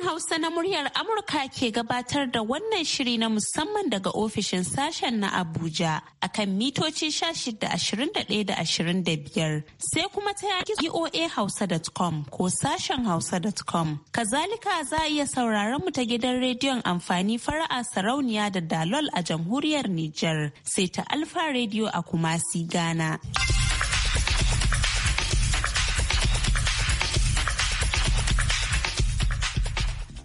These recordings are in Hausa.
Sashen Hausa na muryar Amurka ke gabatar da wannan shiri na musamman daga ofishin sashen na Abuja a kan mitoci da ashirin da biyar sai kuma ta yaki Hausa.com ko sashen hausa.com. Kazalika za a iya sauraron mu ta gidan rediyon amfani fara'a sarauniya da dalol a jamhuriyar Nijar sai ta Alfa Radio a Kumasi Ghana.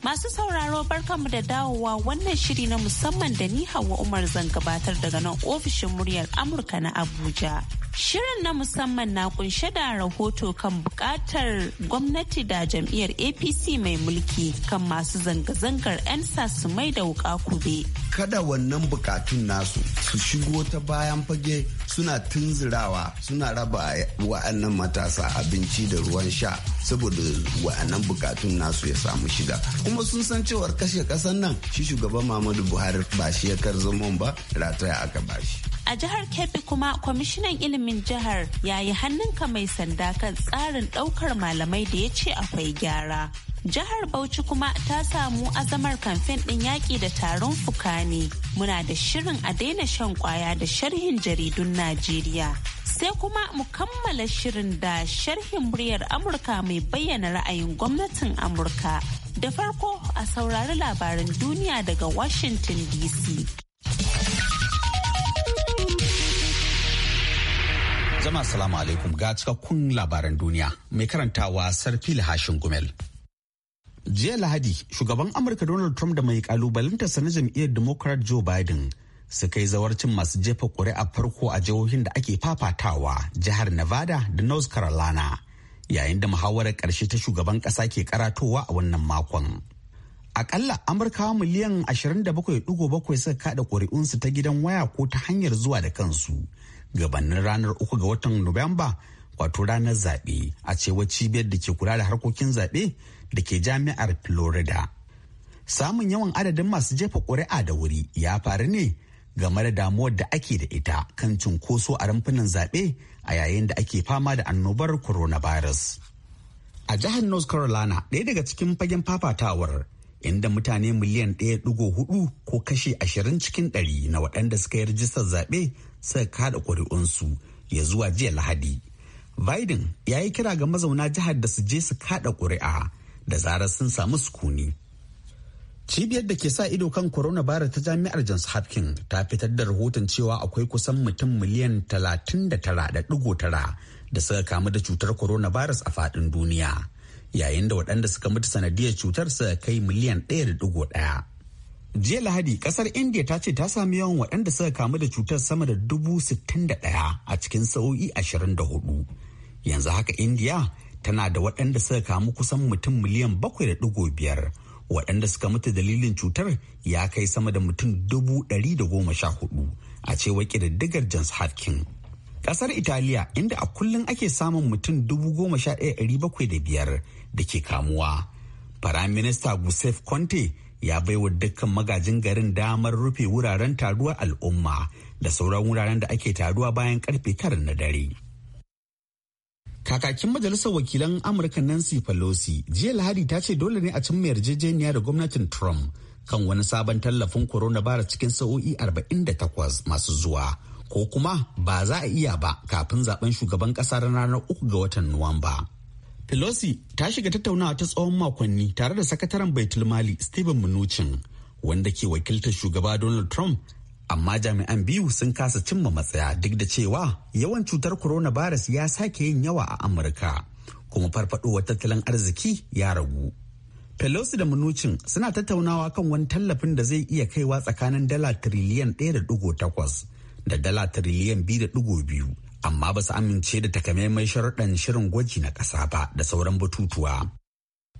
Masu sauraro barkanmu da dawowa wannan shiri na musamman da ni Hauwa Umar zan gabatar daga nan ofishin muryar Amurka na Abuja. Shirin na musamman na kunshe da rahoto kan bukatar gwamnati da jam'iyyar APC mai mulki kan masu zanga-zangar 'yan sa su mai da wuka kube. kada wannan bukatun nasu su shigo ta bayan fage suna tunzirawa suna raba wa'annan matasa abinci da ruwan sha saboda wa'annan bukatun nasu ya samu shiga kuma sun san cewar kashe kasan nan shi shugaban mamadu buhari ba shi ya kar zama ba rataya aka bashi A jihar Kebbi kuma kwamishinan ilimin jihar ya yi hannunka mai sanda kan tsarin ɗaukar malamai da ya ce akwai gyara. Jihar Bauchi kuma ta samu azamar kamfen ɗin yaƙi da taron fuka ne. Muna da shirin a daina shan kwaya da sharhin jaridun Najeriya. Sai kuma mu kammala shirin da sharhin muryar Amurka mai bayyana ra'ayin gwamnatin Amurka. Da farko a saurari labarin duniya daga Washington DC. Jama'a salamu alaikum ga cikakkun labaran duniya mai karantawa sarfi Hashin Gumel. Jiya Lahadi, shugaban Amurka Donald Trump da mai kalubalantarsa na jam'iyyar Democrat Joe Biden su kai zawarcin masu jefa kuri'a farko a jihohin da ake fafatawa jihar Nevada da North Carolina yayin da muhawarar karshe ta shugaban kasa ke karatowa a wannan makon. Akalla Amurkawa miliyan 27.7 suka kada ƙuri'unsu ta gidan waya ko ta hanyar zuwa da kansu. gabanin ranar uku ga watan Nuwamba wato ranar zaɓe a cewar cibiyar da ke kula da harkokin zaɓe da ke jami'ar Florida. Samun yawan adadin masu jefa ƙuri'a da wuri ya faru ne game da damuwar da ake da ita kan cunkoso a rumfunan zaɓe a yayin da ake fama da annobar coronavirus. A jihar North Carolina ɗaya daga cikin fagen fafatawar inda mutane miliyan 1.4 ko kashi 20 cikin 100 na waɗanda suka yi rijistar zaɓe suka kada kuri'unsu ya zuwa jiya lahadi biden ya yi kira ga mazauna jihar da su je su kada ƙuri'a da zarar sun samu sukuni cibiyar da ke sa ido kan coronavirus ta jami'ar johns hopkins ta fitar da rahoton cewa akwai kusan mutum miliyan 39.9 da suka kamu da cutar coronavirus a faɗin duniya yayin da waɗanda suka mutu sanadiyar cutar suka kai miliyan 1.1 jiya lahadi kasar india ta ce ta sami yawan waɗanda suka kamu da cutar sama da dubu sittin da ɗaya a cikin sa'o'i hudu. yanzu haka india tana da waɗanda suka kamu kusan mutum miliyan bakwai da biyar waɗanda suka mutu dalilin cutar ya kai sama da mutum dubu ɗari da goma sha hudu a cewar ƙididdigar johns harkin ƙasar italiya inda a kullum ake samun mutum dubu goma sha ɗaya ɗari bakwai da biyar da ke kamuwa Firaminista Giuseppe Conte ya baiwa dukkan magajin garin damar rufe wuraren taruwar al'umma da sauran wuraren da ake taruwa bayan karfe karin na dare. Kakakin Majalisar Wakilan Amurka Nancy Pelosi jiya Lahadi ta ce dole ne a cimma yarjejeniya da gwamnatin Trump kan wani sabon tallafin bara cikin sa'o'i 48 masu zuwa ko kuma ba za a iya ba kafin zaben shugaban kasa ranar 3 ga watan Nuwamba. Pelosi ta shiga tattaunawa ta tsawon makonni tare da sakataren Baitul Mali Stephen Mnuchin wanda ke wakiltar shugaba Donald Trump amma jami'an biyu sun kasa cimma matsaya duk da cewa yawan cutar coronavirus ya sake yin yawa a Amurka kuma farfadowar tattalin arziki ya ragu. Pelosi da Mnuchin suna tattaunawa kan wani tallafin da zai iya kaiwa tsakanin dala tiriliyan 1.8 da dala tiriliyan 2.2 amma ba su amince da takamaiman sharuɗan shirin gwaji na ƙasa ba da sauran batutuwa.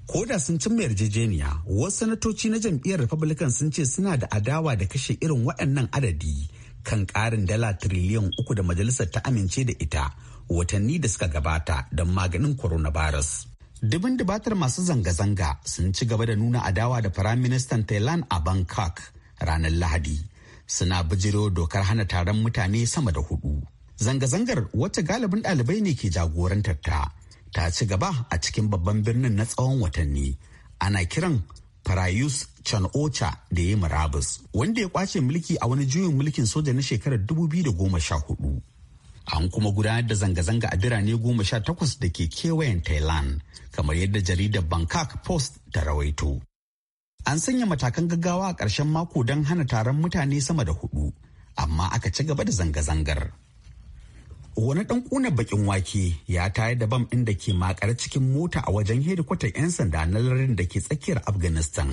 Ko da sun cimma yarjejeniya, wasu sanatoci na jam'iyyar Republican sun ce suna da adawa da kashe irin waɗannan adadi kan ƙarin dala tiriliyan uku da majalisar ta amince da ita watanni da suka gabata don maganin coronavirus. Dubin dubatar masu zanga-zanga sun ci gaba da nuna adawa da Firaministan Thailand a Bangkok ranar Lahadi. Suna bijiro dokar hana taron mutane sama da hudu. Zanga-zangar wacce galibin ɗalibai ne ke jagorantar ta, ta ci gaba a cikin babban birnin na tsawon watanni. Ana kiran Farayus ocha da ya murabus wanda ya kwace mulki a wani juyin mulkin soja na shekarar 2014. An kuma gudanar da zanga-zanga a birane goma sha takwas da ke kewayen Thailand, kamar yadda jaridar Bangkok Post ta rawaito. An sanya matakan gaggawa a ƙarshen mako don hana taron mutane sama da hudu, amma aka ci gaba da zanga-zangar. wani dan kuna bakin wake ya tayar da bam ɗin da ke makar cikin mota a wajen hedikwatar 'yan sanda na lardin da ke tsakiyar afghanistan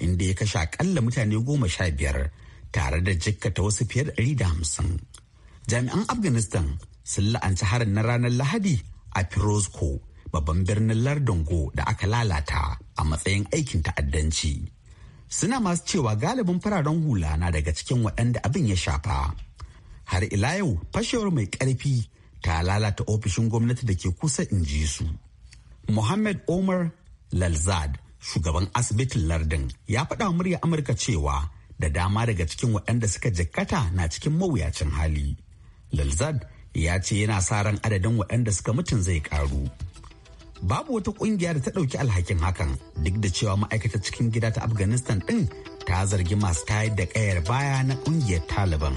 inda ya kashe akalla mutane goma sha biyar tare da jikkata wasu fiye da ɗari da hamsin jami'an afghanistan sun la'anci harin na ranar lahadi a firozko babban birnin lardongo da aka lalata a matsayin aikin ta'addanci suna masu cewa galibin fararen hula na daga cikin waɗanda abin ya shafa har ila yau fashewar mai ƙarfi ta lalata ofishin gwamnati da ke kusa in ji su Mohammed Omar Lalzad, shugaban asibitin lardin, ya faɗa murya Amurka cewa da dama daga cikin waɗanda suka jikkata na cikin mawuyacin hali. Lalzad ya ce yana sa ran adadin waɗanda suka mutun zai ƙaru. Babu wata ƙungiya da ta ɗauki alhakin hakan duk da cewa ma'aikata cikin gida ta Afghanistan ɗin ta zargi masu tayar da kayar baya na kungiyar taliban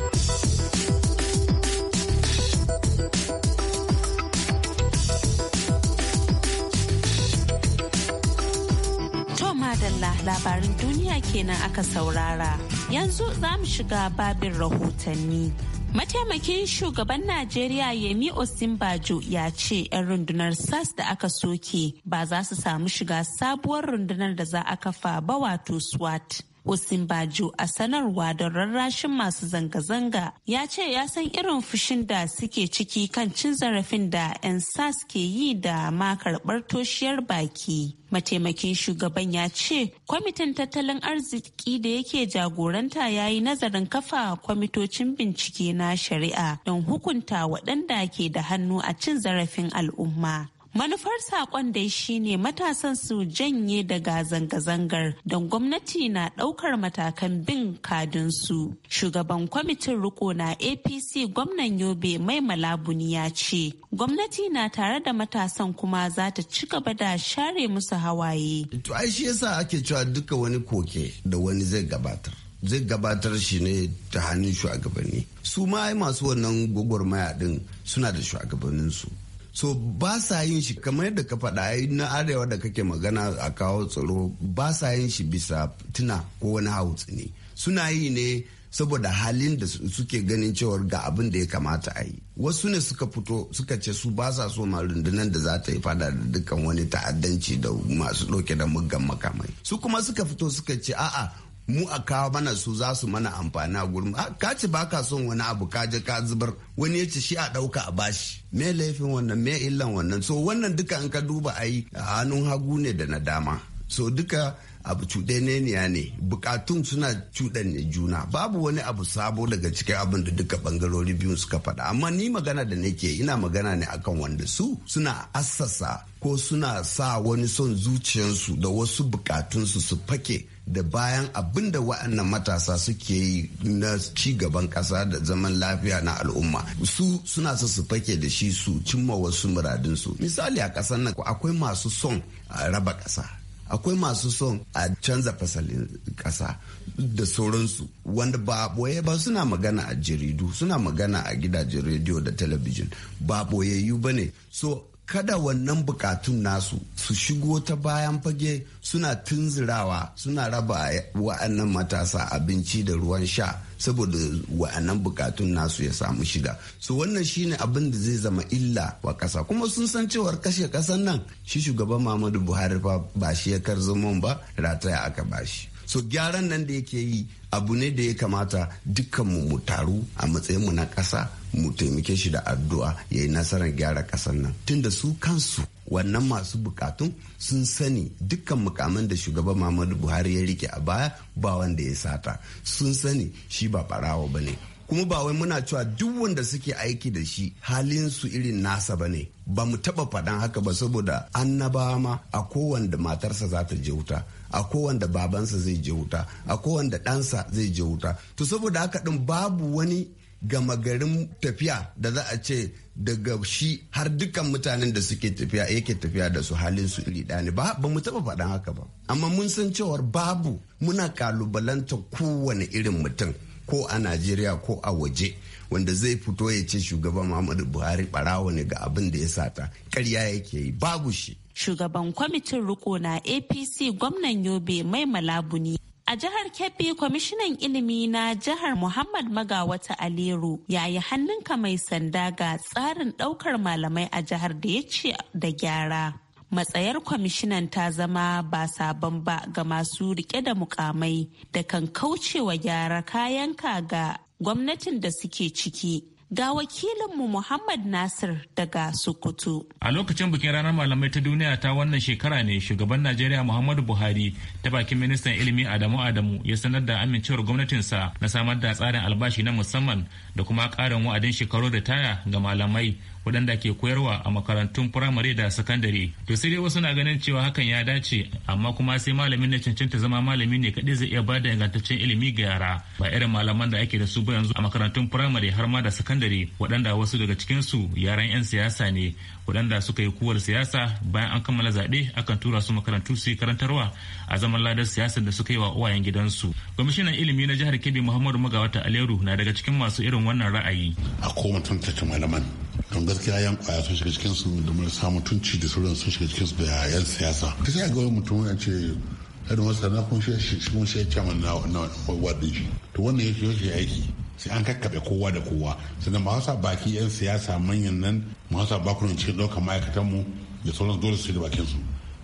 madalla labarin duniya kenan aka saurara yanzu za mu shiga babin rahotanni Mataimakin shugaban Najeriya Yemi Osinbajo ya ce 'yan rundunar SAS da aka soke ba za su samu shiga sabuwar rundunar da za a kafa ba wato SWAT. Bajo a sanarwa don rarrashin masu zanga-zanga ya ce ya san irin fushin da suke ciki kan cin zarafin da 'yan SAS ke yi da ma karɓar toshiyar baki. Mataimakin shugaban ya ce kwamitin tattalin arziki da yake jagoranta ya yi nazarin kafa kwamitocin bincike na shari'a don hukunta waɗanda ke da hannu a cin zarafin al'umma. Manufar saƙon dai shine matasan su janye daga zanga-zangar don gwamnati na ɗaukar matakan bin kadinsu. Shugaban kwamitin riko na APC gwamnan Yobe mai malabuni ya ce, gwamnati na tare da matasan kuma za ta ci gaba da share musu hawaye. To ai shi yasa ake cewa duka wani koke da wani zai gabatar. Zai gabatar shi ne ta hannun shugabanni. Su ma masu wannan gwagwarmaya din suna da shugabanninsu. so ba sa yin shi kamar yadda ka faɗa na arewa da kake magana a kawo tsaro ba sa yin shi bisa tuna ko wani hautsi ne suna yi ne saboda halin da suke ganin cewar ga abin da ya kamata a yi wasu ne suka fito suka ce su ba sa so ma rundunar da za ta yi fada da dukkan wani ta'addanci da masu ɗauke da muggan makamai su kuma suka fito suka ce a'a mu a kawo mana su za su mana amfani a gurin ah, ka ci ba ka son wani abu ka je ka zubar wani ya ci shi a ɗauka a bashi me laifin wannan me illan wannan so wannan duka in ka duba ayi a hannun hagu ne da na dama so duka abu cuɗaneniya ne bukatun suna ne juna babu wani abu sabo daga cikin abin da duka bangarori biyun suka faɗa amma ni magana da nake ina magana ne akan wanda su suna assasa ko suna sa wani son zuciyarsu da wasu bukatunsu su fake da bayan abin da waɗannan matasa suke yi na cigaban gaban ƙasa da zaman lafiya na al'umma su suna so su fake da shi su cimma wasu muradinsu misali a ƙasar nan akwai masu son raba ƙasa akwai masu son a canza fasalin kasa da sauransu wanda ba boye ba suna magana a jaridu suna magana a gidajen rediyo da talabijin ba boyayyu ba ne so kada wannan bukatun nasu su shigo ta bayan fage suna tunzirawa suna raba wa'annan matasa abinci da ruwan sha saboda wa'annan bukatun nasu ya samu shiga so wannan shine abin da zai zama illa wa kasa kuma sun san cewar kashe kasan nan shi shugaban muhammadu buhari fa ba shi ya karzaman ba rataya aka ba shi so gyaran nan da yake yi abu ne da ya kamata dukkanmu mu taru a matsayinmu na kasa mu taimake shi da addu'a ya yi nasarar gyara ƙasar nan tunda su kansu wannan masu bukatun sun sani dukkan mukamin da shugaban muhammadu buhari ya rike a baya ba wanda ya sata sun sani shi ba barawa ba ne kuma ba wai muna cewa duk wanda suke aiki da shi halin su irin nasa ba ne ba mu taba faɗan haka ba saboda annabawa ma a kowanda matarsa za ta je wuta a kowanda babansa zai je wuta a kowanda ɗansa zai je wuta to saboda haka ɗin babu wani gama garin tafiya da za a ce daga shi har dukkan mutanen da suke tafiya yake tafiya da su halin su iri ɗaya ne ba mu taɓa faɗan haka ba amma mun san cewar babu muna kalubalanta kowane irin mutum ko a najeriya ko a waje wanda zai fito ya ce shugaban muhammadu buhari ɓarawo ne ga abin da ya sata ƙarya yake yi babu shi shugaban kwamitin riko na apc gwamnan yobe mai malabuni A jihar Kebbi kwamishinan ilimi na jihar Muhammad Magawata Aleru ya yi hannunka mai sanda ga tsarin ɗaukar malamai a jihar da ya ce da gyara. matsayar kwamishinan ta zama ba sabon ba ga masu rike da mukamai da kan kaucewa gyara kayan ga gwamnatin da suke ciki Ga wakilinmu Muhammad Nasir daga Sokoto. A lokacin bikin ranar malamai ta duniya ta wannan shekara ne shugaban Najeriya Muhammadu Buhari ta bakin ministan ilimi Adamu Adamu ya sanar da amincewar gwamnatinsa na samar da tsarin albashi na musamman da kuma karin wa'adin shekaru da taya ga malamai waɗanda ke koyarwa a makarantun firamare da sakandare to sai dai wasu na ganin cewa hakan ya dace amma kuma sai malamin na cancanta zama malami ne kaɗai zai iya bada ingantaccen ilimi ga yara ba irin malaman da ake da su ba yanzu a makarantun firamare har ma da sakandare waɗanda wasu daga cikinsu yaran 'yan siyasa ne waɗanda suka yi kuwar siyasa bayan an kammala zaɓe akan tura su makarantu su yi karantarwa a zaman ladar siyasar da suka yi wa uwayen gidansu kwamishinan ilimi na jihar kebbi muhammadu magawata aleru na daga cikin masu irin irin wannan ra'ayi a ko mutum ta malaman don gaskiya yan kwaya sun shiga cikin su da samu tunci da sauran sun shiga cikin su da yan siyasa ta sai ga wani mutum ya ce kada wasu na kun shi kun shi ya na wadda shi to wannan yake shi aiki sai an kakkaɓe kowa da kowa sannan wasa baki yan siyasa manyan nan wasa bakunan cikin ɗaukar ma'aikatan mu da sauran dole su da bakin su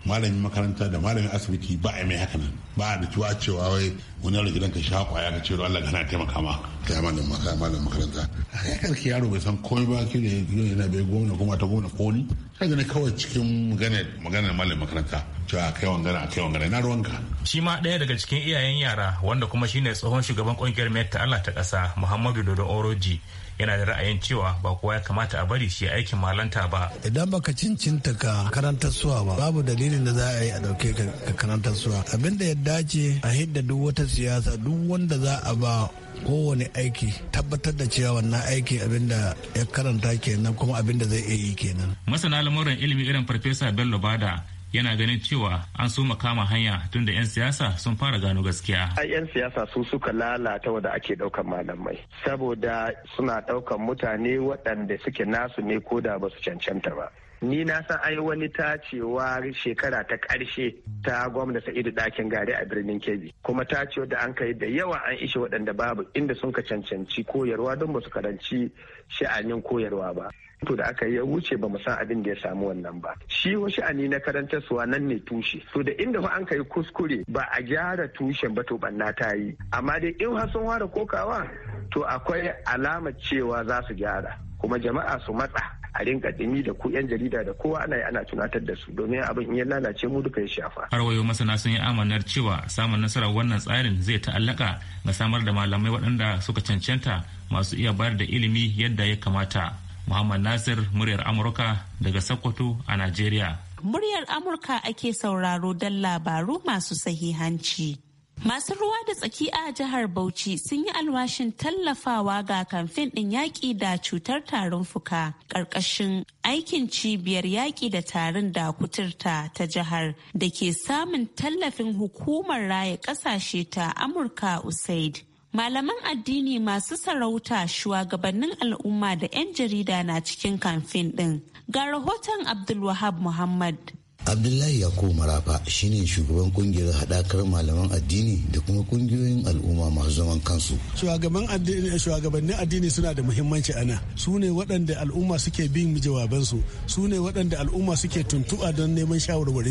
malamin makaranta da malamin asibiti ba a mai haka nan ba a da tuwa cewa wai wani yaro ka sha kwaya ka ce da Allah kana taimaka ma yi malamin makaranta malamin makaranta ya karki yaro bai san komai ba ki ne yana bai gwamna kuma ta gwamna koli ni sai ne kawai cikin maganar malamin makaranta cewa kai wangana kai wangana na ruwanka shi ma ɗaya daga cikin iyayen yara wanda kuma shine tsohon shugaban ƙungiyar mayar ta Allah ta ƙasa Muhammadu Dodo Oroji yana da ra'ayin cewa ba kowa ya kamata a bari shi aikin malanta ba. Idan baka cincinta ka karanta suwa ba, babu dalilin da za a yi a ɗauke ka karanta suwa. Abin da ya dace a hidda duk wata siyasa duk wanda za a ba kowane aiki tabbatar da cewa wannan aiki abin da ya karanta kenan kuma abin da zai iya yi kenan. Masana lamuran ilimi irin Farfesa Bello Bada yana ganin cewa an so makama hanya tun da 'yan siyasa sun fara gano gaskiya. Ai 'yan siyasa sun suka lalata wanda ake ɗaukan malamai saboda suna ɗaukan mutane waɗanda suke nasu ne ko da ba su cancanta ba. ni na san ai wani ta cewa shekara ta ƙarshe ta gwamna sa'idu ɗakin gari a birnin kebbi kuma ta ce da an kai da yawa an ishe waɗanda babu inda sun ka cancanci koyarwa don ba su karanci sha'anin koyarwa ba to da aka yi ya wuce ba san abin da ya samu wannan ba shi wa sha'ani na karantar suwa nan ne tushe to da inda fa an kai kuskure ba a gyara tushen ba to banna ta yi amma dai in har sun fara kokawa to akwai alamar cewa za su gyara kuma jama'a su matsa a rinka dimi da ku 'yan jarida da kowa ana ana tunatar da su domin abin in ya lalace mu duka ya shafa. Har wayo masana sun yi amanar cewa samun nasarar wannan tsarin zai ta'allaka ga samar da malamai waɗanda suka cancanta masu iya bayar da ilimi yadda ya kamata. Muhammad Nasir muryar Amurka daga Sokoto a Najeriya. Muryar Amurka ake sauraro don labaru masu sahihanci. Masu ruwa da tsaki a jihar Bauchi sun yi alwashin tallafawa ga kamfen ɗin yaƙi da cutar tarin fuka ƙarƙashin aikin cibiyar yaƙi da tarin da kuturta ta jihar da ke samun tallafin hukumar raya ƙasashe ta Amurka USAID. Malaman addini masu sarauta shugabannin al'umma da 'yan jarida na cikin kamfen ɗin. Ga rahoton Abdulwahab Muhammad. abdullahi yakubu marafa shine shugaban kungiyar haɗakar malaman addini da kuma kungiyoyin al'umma masu zaman kansu shugabannin addini suna da muhimmanci ana su ne waɗanda al'umma suke bin jawabansu su ne waɗanda al'umma suke tuntuɓa don neman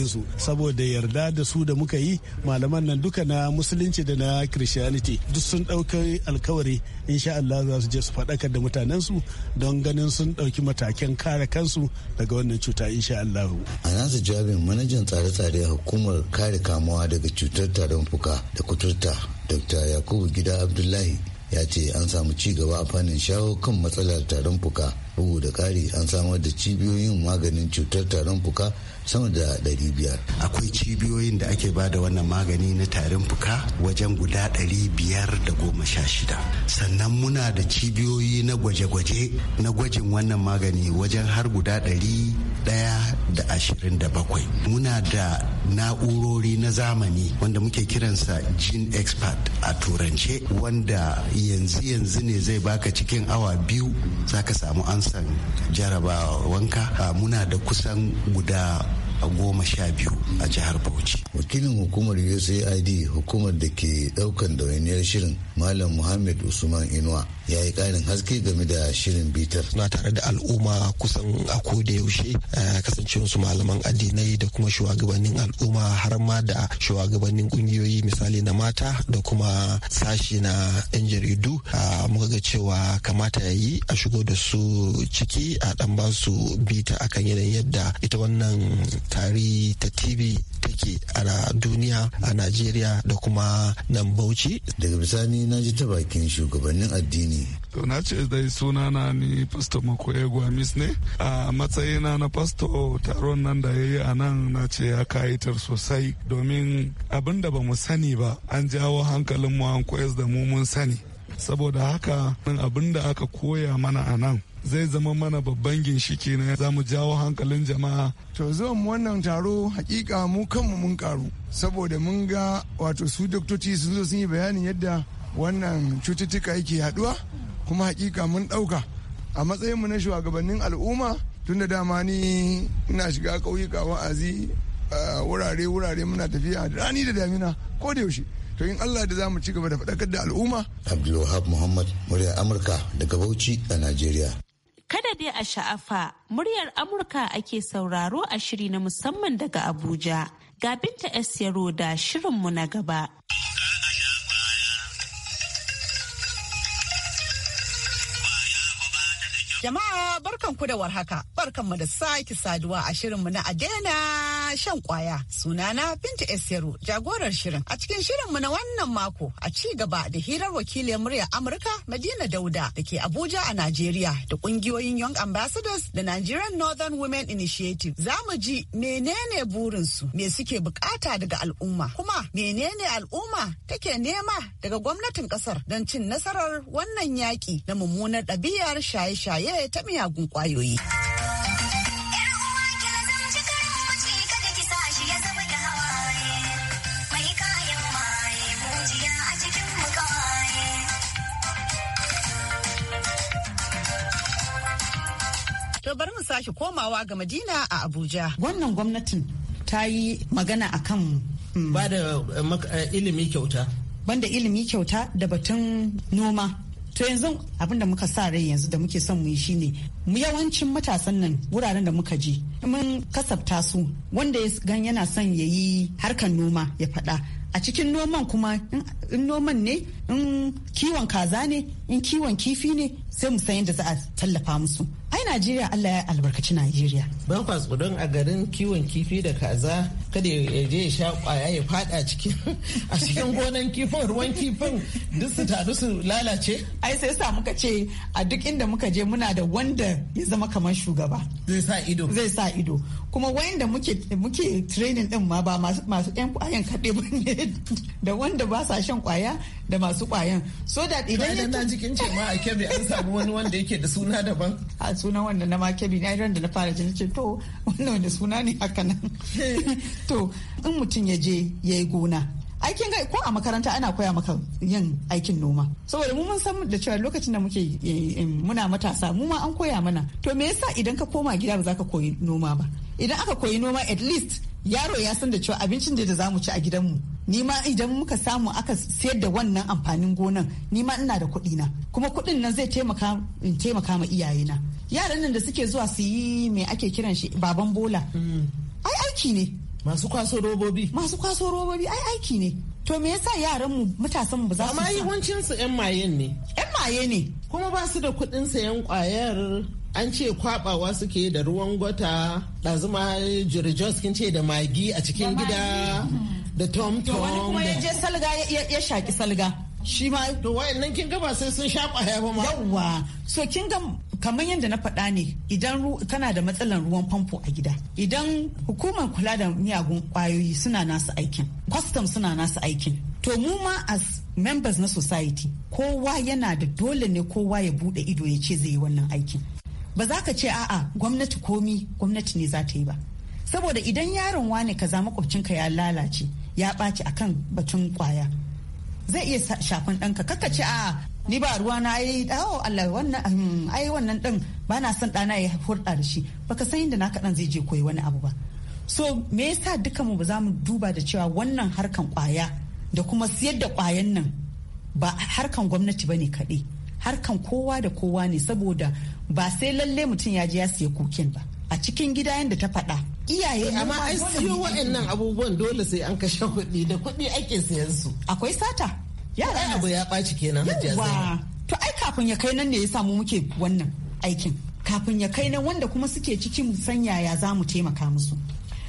su saboda yarda da su da muka yi malaman nan duka na musulunci da na christianity duk sun ɗauki alkawari insha Allah za su je su faɗakar da mutanen su don ganin sun ɗauki matakan kare kansu daga wannan cuta insha Allah. A nasa jawabin manajan tsare-tsare a hukumar kare kamuwa daga cutar tarin fuka da kuturta dr yakubu gida abdullahi ya ce an samu ci gaba a fannin shawo kan matsalar tarin fuka bugu da kari an samar da cibiyoyin maganin cutar tarin fuka sama da ɗari biyar. Akwai cibiyoyin da ake ba da wannan magani na tarin fuka wajen guda ɗari biyar da goma sha shida. Sannan muna da cibiyoyi na gwaje-gwaje na gwajin wannan magani wajen har guda ɗari ɗaya da ashirin da bakwai. Muna da na'urori na zamani wanda muke kiransa gene expert a turance wanda yanzu-yanzu ne zai baka cikin awa biyu zaka samu ansan jarabawa wanka. Muna da kusan guda a goma sha biyu a jihar bauchi wakilin hukumar usaid hukumar da ke daukan dawainiyar shirin malam muhammad usman inuwa ya yi ƙarin haske game da shirin bitar. Na tare da al'umma kusan a ko da yaushe kasancewar su malaman addinai da kuma shugabannin al'umma har ma da shugabannin kungiyoyi misali na mata da kuma sashi na 'yan jaridu muka ga cewa kamata ya yi a shigo da su ciki a dan ba su bita akan yanayin yadda ita wannan tari ta tv take a duniya a najeriya da kuma nan bauchi daga bisani na ji ta bakin shugabannin addini ne. To na ce dai na ni Pastor Makoyegwa gwamis ne. A matsayina na Pastor taron nan da ya yi a nan na ce ya kayitar sosai domin abin da ba mu sani ba an jawo hankalin mu an koyas da mu mun sani. Saboda haka abin da aka koya mana a nan zai zama mana babban ginshiki ne za mu jawo hankalin jama'a. To zuwan wannan taro hakika mu kanmu mun karu saboda mun ga wato su doktoci sun zo sun yi bayanin yadda wannan cututtuka yake yaduwa kuma hakika mun dauka a matsayin mu na shugabannin al'umma tun da dama ni ina shiga ƙauyuka wa'azi wurare wurare muna tafiya da rani da damina ko da yaushe to in Allah da za mu ci gaba da faɗakar da al'umma Abdulwahab Muhammad murya Amurka daga Bauchi a Najeriya Kada dai a sha'afa muryar Amurka ake sauraro a shiri na musamman daga Abuja ga Binta S Yaro da shirinmu na gaba Jama'a barkan ku da warhaka, barkan mu da sake saduwa a shirinmu na Adena shan kwaya sunana Binta Esiru jagorar shirin. A cikin shirinmu na wannan mako a ci gaba da hirar wakilin muryar Amurka Madina Dauda da ke Abuja a Najeriya da kungiyoyin Young Ambassadors da Nigerian Northern Women Initiative. Za mu ji menene burinsu, me suke bukata daga al'umma, kuma menene al'umma take nema daga gwamnatin kasar don cin nasarar wannan yaki na mummunar ɗabi'ar shaye-shaye ta miyagun ƙwayoyi. sake komawa ga Madina a Abuja. Wannan gwamnatin ta yi magana a kan. Mm, ba da eh, eh, ilimi kyauta. Banda ilimi kyauta da batun noma. To yanzu abin da muka sa rai yanzu da muke son mu yi shine mu yawancin matasan nan wuraren da muka je mun kasafta su wanda ya gan yana son ya yi harkar noma ya faɗa a cikin noman kuma in noman ne in kiwon kaza ne in kiwon kifi ne sai mu san yadda za a tallafa musu ai najeriya allah ya albarkaci najeriya ban kwatsudon a garin kiwon kifi da kaza kada ya je ya sha kwaya ya fada cikin a cikin gonan kifin ruwan kifin duk su taru su lalace ai sai sa muka ce a duk inda muka je muna da wanda ya zama kamar shugaba zai sa ido zai sa ido kuma wanda muke muke training din ma ba masu yan kwayan kaɗe ba ne da wanda ba sa shan kwaya da masu kwayan so da idan ya na jikin ce ma a kebe an samu samu wani wanda yake da suna daban a suna wanda na ma kebi na da na fara jin ce to wannan wanda suna ne haka nan to in mutum ya je ya yi gona aikin ga ko a makaranta ana koya maka yin aikin noma saboda mu mun san da cewa lokacin da muke eh, eh, muna matasa mu ma an koya mana to me yasa idan ka koma gida ba za ka koyi noma ba idan aka koyi noma at least yaro ya san da cewa abincin da za mu ci a gidan mu. ni ma idan muka samu aka sayar da wannan amfanin gonan ni ma ina da kuɗi na kuma kuɗin nan zai taimaka in taimaka ma iyayena yaran nan da suke zuwa su yi me ake kiran shi baban bola hmm. ai aiki ne masu kwaso robobi masu kwaso robobi ai aiki ne to me yasa yaran mu matasan mu ba za su amma yawancin su yan maye ne yan maye ne kuma ba su da kuɗin sayan kwayar an ce kwabawa suke da ruwan gwata ɗazuma jirjos kin ce da magi a cikin gida hmm. da tom tom wani kuma ya je salga ya shaki salga shi ma to nan kin ga sai sun shafa kwaya ba ma yawa so kin ga kamar yadda na faɗa ne idan kana da matsalar ruwan famfo a gida idan hukumar kula da miyagun kwayoyi suna nasu aikin kwastam suna nasu aikin to mu ma as members na society kowa yana da dole ne kowa ya bude ido ya ce zai yi wannan aikin ba za ka ce a'a gwamnati komi gwamnati ne za ta yi ba saboda idan yaron wane kaza makwabcinka ya lalace ya ɓaci a kan batun kwaya zai iya shafan ɗanka kaka ce a ni ba ruwa na ai dawo oh, Allah wannan ai wannan din ba na son ɗana ya hurɗa da shi baka san inda na kaɗan zai je koyi wani abu ba so me yasa mu ba za mu duba da cewa wannan harkan kwaya da kuma siyar da kwayan nan ba harkan gwamnati bane kaɗai harkan kowa da kowa ne saboda ba sai lalle mutum ya je ya siya kukin ba a cikin gida yadda ta faɗa iyaye amma ai siyo waɗannan abubuwan dole sai an kashe kuɗi da kuɗi ake sayan su akwai sata yara abu ya ɓaci kenan yawa to ai kafin ya kai nan ne ya samu muke wannan aikin kafin ya kai nan wanda kuma suke cikin san ya za mu taimaka musu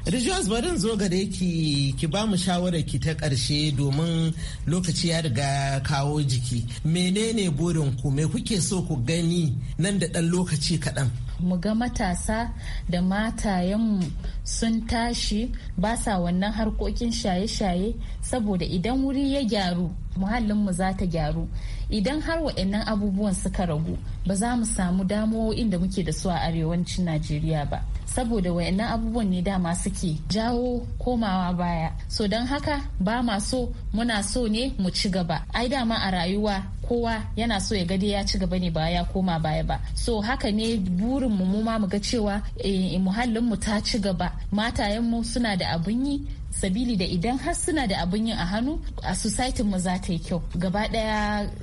Rijos barin zo gare ki ki ba mu shawarar ki ta ƙarshe domin lokaci ya riga kawo jiki. Menene burin ku me kuke so ku gani nan da ɗan lokaci kaɗan? Mu ga matasa da matayenmu sun tashi ba sa wannan harkokin shaye-shaye saboda idan wuri ya gyaru muhallinmu za ta gyaru idan har waɗannan abubuwan suka ragu ba za mu samu damuwoyin inda muke da su a arewacin najeriya ba saboda wayannan abubuwan ne dama suke jawo komawa baya so don haka ba ma so muna so ne mu ci gaba ai dama a rayuwa kowa yana so ya gade ya ci gaba ne ba ya koma baya ba so haka ne burin mu mu ma mu ga cewa eh, muhallin mu ta ci gaba matayen mu suna da abun yi sabili da idan har suna da abun yi a hannu a society mu za ta yi kyau gaba ɗaya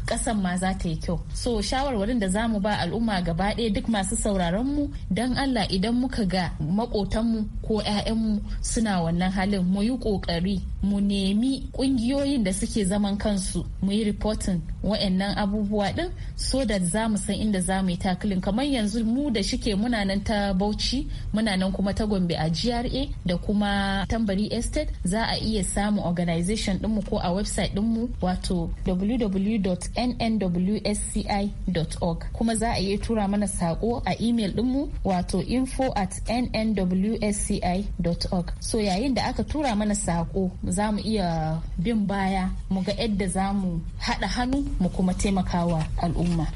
kasan ma za ta yi kyau so shawarwarin da zamu mu ba al'umma gaba ɗaya duk masu sauraron mu dan Allah idan muka ga makotanmu ko 'ya'yanmu suna wannan halin mu yi ƙoƙari mu nemi ƙungiyoyin da suke zaman kansu mu yi reporting wa'annan abubuwa ɗin so da za mu san inda za mu yi takilin kamar yanzu mu da shike muna nan ta Bauchi muna nan kuma ta Gombe a GRA da kuma Tambari Estate za a iya samun organization ɗinmu ko a website ɗinmu wato www.nnwsci.org kuma za a iya tura mana sako a email dinmu wato info at nnwsci.org so yayin da aka tura mana sako za mu iya bin baya mu ga yadda za mu haɗa hannu mu kuma taimakawa al'umma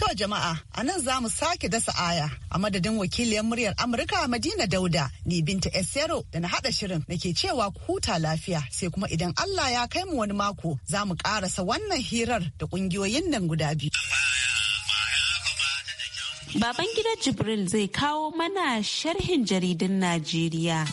To jama'a a nan za mu sake dasa aya a madadin wakiliyar muryar Amurka Madina Dauda ne binta Esero da na haɗa shirin da ke cewa huta lafiya sai kuma idan Allah ya kai mu wani mako za mu ƙarasa wannan hirar da ƙungiyoyin nan guda biyu. Baban gida Jibril zai kawo mana sharhin jaridun Najeriya.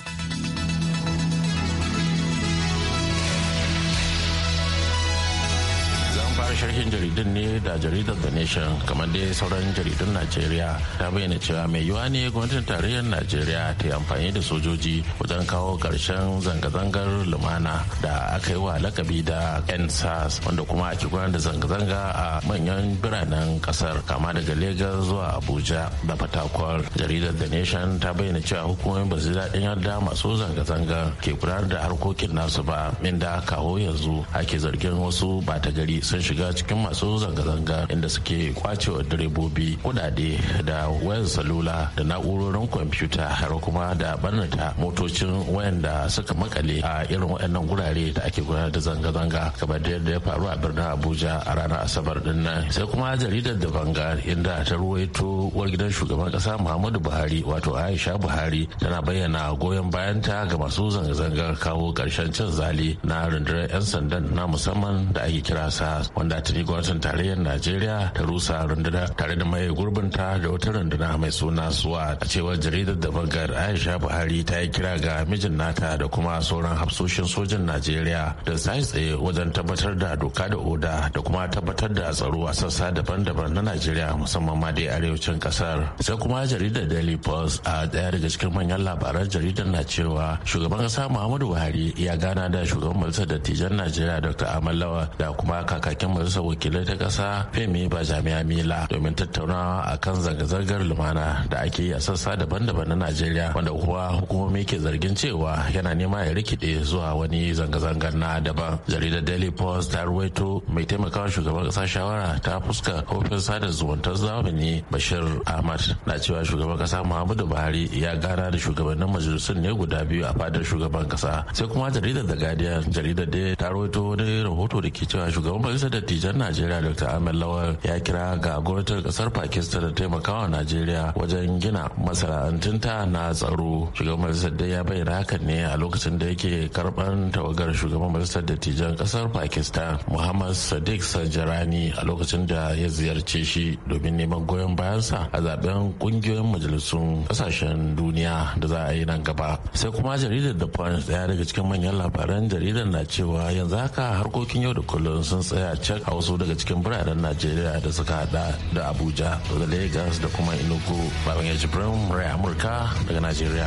fara jaridun ne da jaridar The Nation kamar dai sauran jaridun Najeriya ta bayyana cewa mai yiwuwa ne gwamnatin tarayyar Najeriya ta yi amfani da sojoji wajen kawo karshen zanga-zangar lumana da aka yi wa lakabi da NSAS wanda kuma ake gudanar da zanga-zanga a manyan biranen kasar kama daga Legas zuwa Abuja da Fatakwal. Jaridar da Nation ta bayyana cewa hukumomin ba su daɗin yadda masu zanga-zanga ke gudanar da harkokin nasu ba inda kawo yanzu ake zargin wasu ta gari sun shiga shiga cikin masu zanga-zanga inda suke kwacewa direbobi kudade da wayan salula da na'urorin kwamfuta har kuma da barnata motocin wayan da suka makale a irin waɗannan gurare da ake gudanar da zanga-zanga kamar da yadda ya faru a birnin abuja a ranar asabar din nan sai kuma jaridar da banga inda ta ruwaito uwar gidan shugaban ƙasa muhammadu buhari wato aisha buhari tana bayyana goyon bayanta ga masu zanga-zangar kawo ƙarshen cin zali na rundunar 'yan sandan na musamman da ake kira sa wanda inda gwamnatin tarayyar najeriya ta rusa runduna tare da mai gurbinta da wata runduna mai suna suwa a cewar jaridar da bangar aisha buhari ta yi kira ga mijin nata da kuma sauran hafsoshin sojin najeriya da sai tsaye wajen tabbatar da doka da oda da kuma tabbatar da tsaro a sassa daban-daban na najeriya musamman ma dai arewacin kasar sai kuma jaridar daily post a daya daga cikin manyan labaran jaridar na cewa shugaban kasa muhammadu buhari ya gana da shugaban majalisar dattijan najeriya dr amalawa da kuma kakakin majalisar wakilai ta kasa femi ba jami'a mila domin tattaunawa akan zanga-zangar lumana da ake yi a sassa daban-daban na najeriya wanda kuwa hukumomi ke zargin cewa yana nema ya rikide zuwa wani zanga-zangar na daban jaridar daily post ta ruwaito mai taimakawa shugaban kasa shawara ta fuska kofin sada zumuntar zamani bashir ahmad na cewa shugaban kasa muhammadu buhari ya gana da shugabannin majalisun ne guda biyu a fadar shugaban kasa sai kuma jaridar da guardian jaridar da ta ruwaito wani rahoto da ke cewa shugaban majalisar da dattijan najeriya dr ahmed lawal ya kira ga gwamnatin kasar pakistan da taimakawa najeriya wajen gina masana'antunta na tsaro shugaban majalisar dai ya bayyana hakan ne a lokacin da yake karban tawagar shugaban majalisar dattijan kasar pakistan muhammad sadiq sanjarani a lokacin da ya ziyarce shi domin neman goyon bayansa a zaben kungiyoyin majalisun kasashen duniya da za a yi nan gaba sai kuma jaridar da punch daya daga cikin manyan labaran jaridar na cewa yanzu haka harkokin yau da kullum sun tsaya cak a wasu daga cikin biranen najeriya da suka hada da abuja da lagos da kuma enugu baban yaji brown murai amurka daga najeriya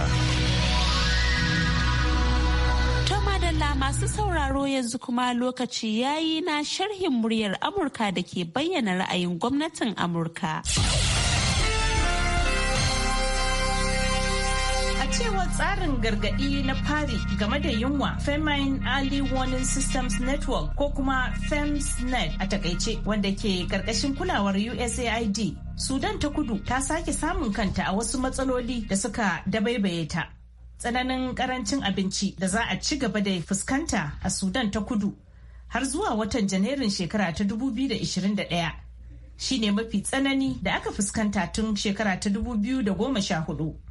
masu sauraro yanzu kuma lokaci yayi na sharhin muryar amurka da ke bayyana ra'ayin gwamnatin amurka. cewa tsarin gargaɗi na fari game da yunwa Femin Early Warning Systems Network ko kuma FEMSNET a takaice wanda ke ƙarƙashin kulawar USAID. Sudan ta kudu ta sake samun kanta a wasu matsaloli da suka dabaibaye ta. Tsananin karancin abinci da za a ci gaba da fuskanta a Sudan ta kudu har zuwa watan Janairun shekara ta 2021 shine mafi tsanani da aka fuskanta tun shekara ta 2014.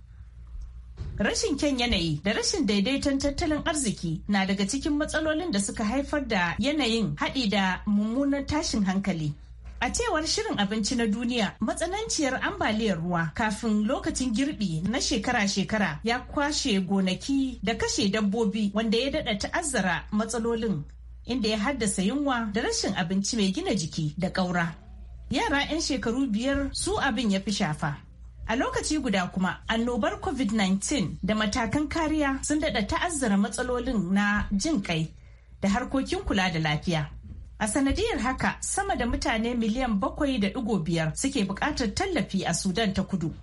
rashin kyan yanayi da rashin daidaiton tattalin arziki na daga cikin matsalolin da suka haifar da yanayin haɗi da mummunan tashin hankali A cewar Shirin Abinci na Duniya, matsananciyar ambaliyar ruwa kafin lokacin girbi na shekara-shekara ya kwashe gonaki da kashe dabbobi wanda ya daɗa ta'azzara matsalolin inda ya haddasa yunwa da rashin abinci mai gina jiki da ƙaura. Yara 'yan shekaru biyar su abin ya fi shafa. A lokaci guda kuma annobar COVID-19 da matakan kariya sun daɗa ta'azzara matsalolin na jin kai da harkokin kula da lafiya. A sanadiyar haka sama da mutane miliyan bakwai da ɗigo biyar suke buƙatar tallafi a Sudan ta kudu.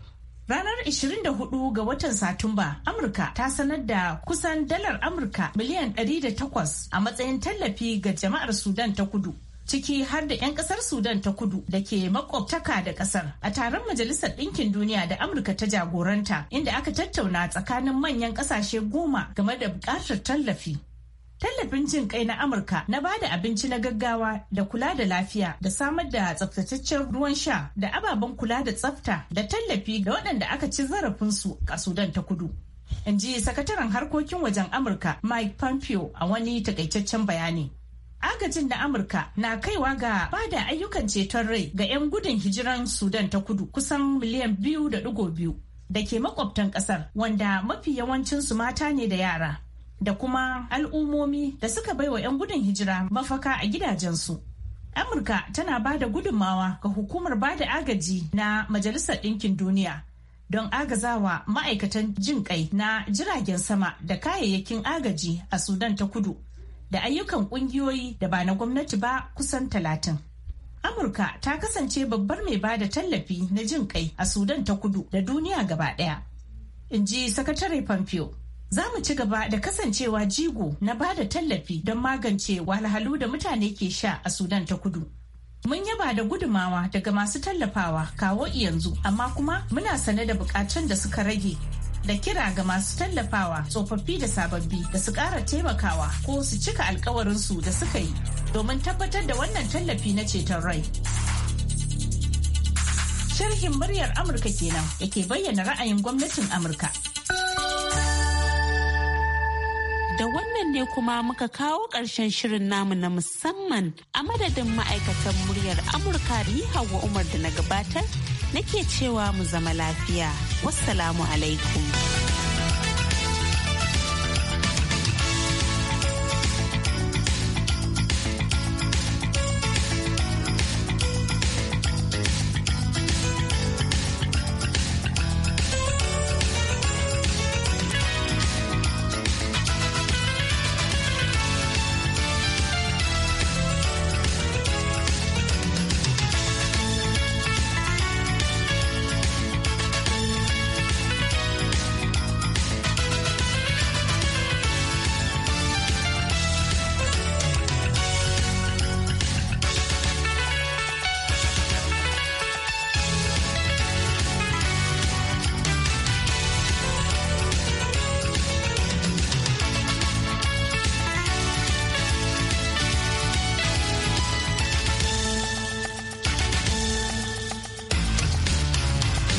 Ranar 24 ga watan Satumba, Amurka ta sanar da kusan dalar Amurka miliyan 108 a matsayin tallafi ga jama'ar Sudan ta kudu ciki har da 'yan kasar Sudan ta kudu da ke makwabtaka da kasar a taron Majalisar Ɗinkin Duniya da Amurka ta jagoranta inda aka tattauna tsakanin manyan kasashe goma game da bukatar tallafi. Tallafin jin kai na Amurka na ba da abinci na gaggawa da kula da lafiya da samar da tsaftataccen ruwan sha da ababen kula da tsafta da tallafi ga waɗanda aka ci zarafinsu a Sudan ta kudu. In ji sakataren harkokin wajen Amurka Mike Pompeo a wani takaitaccen bayani. agajin na Amurka na kaiwa ga bada ayyukan ceton rai ga 'yan gudun hijiran Sudan ta kudu kusan miliyan biyu da ɗigo biyu da ke makwabtan ƙasar wanda mafi yawancinsu mata ne da yara da kuma al'ummomi da suka baiwa 'yan gudun hijira mafaka a gidajensu. Amurka tana ba da gudunmawa ga hukumar bada agaji na Majalisar Ɗinkin Duniya don agazawa ma'aikatan jin kai na jiragen sama da kayayyakin agaji a Sudan ta kudu da ayyukan kungiyoyi da ba na gwamnati ba kusan talatin. Amurka ta kasance babbar mai ba da tallafi na jin kai a Sudan ta kudu da duniya gaba ɗaya. In ji Sakatare Pompeo. Za mu ci gaba da kasancewa jigo na ba da tallafi don magance wahalhalu da mutane ke sha a Sudan ta kudu. Mun yaba da gudumawa daga masu tallafawa kawo yanzu amma kuma muna sane da bukatun da suka rage da kira ga masu tallafawa tsofaffi da sababbi da su ƙara taimakawa ko su cika su da suka yi domin tabbatar da wannan tallafi na ceton rai. Sharhin muryar Amurka kenan yake bayyana ra'ayin gwamnatin Amurka. Da wannan ne kuma muka kawo ƙarshen shirin namu na musamman a madadin ma'aikatan muryar Amurka da yi Hauwa Umar da na gabatar. nake cewa mu zama lafiya wassalamu alaikum